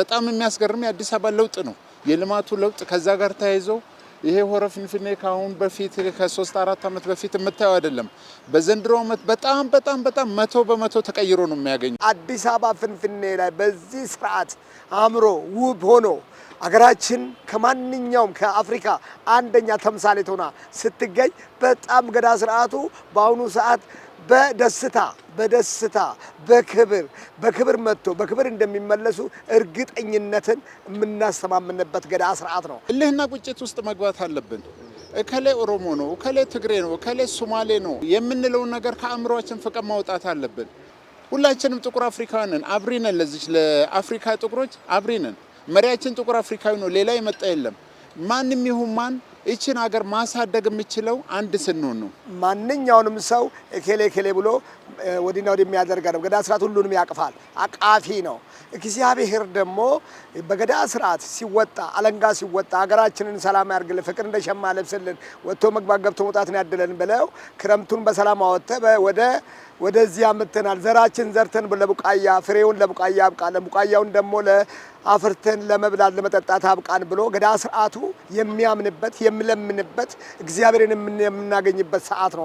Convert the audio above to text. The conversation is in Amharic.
በጣም የሚያስገርም የአዲስ አበባ ለውጥ ነው። የልማቱ ለውጥ ከዛ ጋር ተያይዞ ይሄ ሆረ ፊንፊኔ ከአሁን በፊት ከሶስት አራት ዓመት በፊት የምታየው አይደለም። በዘንድሮ ዓመት በጣም በጣም በጣም መቶ በመቶ ተቀይሮ ነው የሚያገኘው። አዲስ አበባ ፍንፍኔ ላይ በዚህ ስርዓት አምሮ ውብ ሆኖ አገራችን ከማንኛውም ከአፍሪካ አንደኛ ተምሳሌት ሆና ስትገኝ በጣም ገዳ ስርዓቱ በአሁኑ ሰዓት በደስታ በደስታ በክብር በክብር መጥቶ በክብር እንደሚመለሱ እርግጠኝነትን የምናስተማምንበት ገዳ ስርዓት ነው። እልህና ቁጭት ውስጥ መግባት አለብን። እከሌ ኦሮሞ ነው፣ እከሌ ትግሬ ነው፣ እከሌ ሶማሌ ነው የምንለውን ነገር ከአእምሯችን ፍቀን ማውጣት አለብን። ሁላችንም ጥቁር አፍሪካውያንን አብሪነን ለዚች ለአፍሪካ ጥቁሮች አብሪነን። መሪያችን ጥቁር አፍሪካዊ ነው፣ ሌላ የመጣ የለም። ማንም ይሁን ማን ይችን ሀገር ማሳደግ የምችለው አንድ ስንሆን ነው። ማንኛውንም ሰው እኬሌ እኬሌ ብሎ ወዲና ወዲህ የሚያደርግ ነው። ገዳ ስርዓት ሁሉንም ያቅፋል፣ አቃፊ ነው። እግዚአብሔር ደግሞ በገዳ ስርዓት ሲወጣ አለንጋ ሲወጣ ሀገራችንን ሰላም ያርግልን፣ ፍቅር እንደ ሸማ ለብስልን፣ ወጥቶ መግባት ገብቶ መውጣትን ያደለን ብለው ክረምቱን በሰላም አወጥተ ወደ ወደዚያ ምትናል ዘራችን ዘርተን ለቡቃያ ፍሬውን ለቡቃያ ያብቃለን፣ ቡቃያውን ደግሞ አፍርተን ለመብላት ለመጠጣት አብቃን ብሎ ገዳ ስርዓቱ የሚያምንበት የሚለምንበት እግዚአብሔርን የምናገኝበት ሰዓት ነው።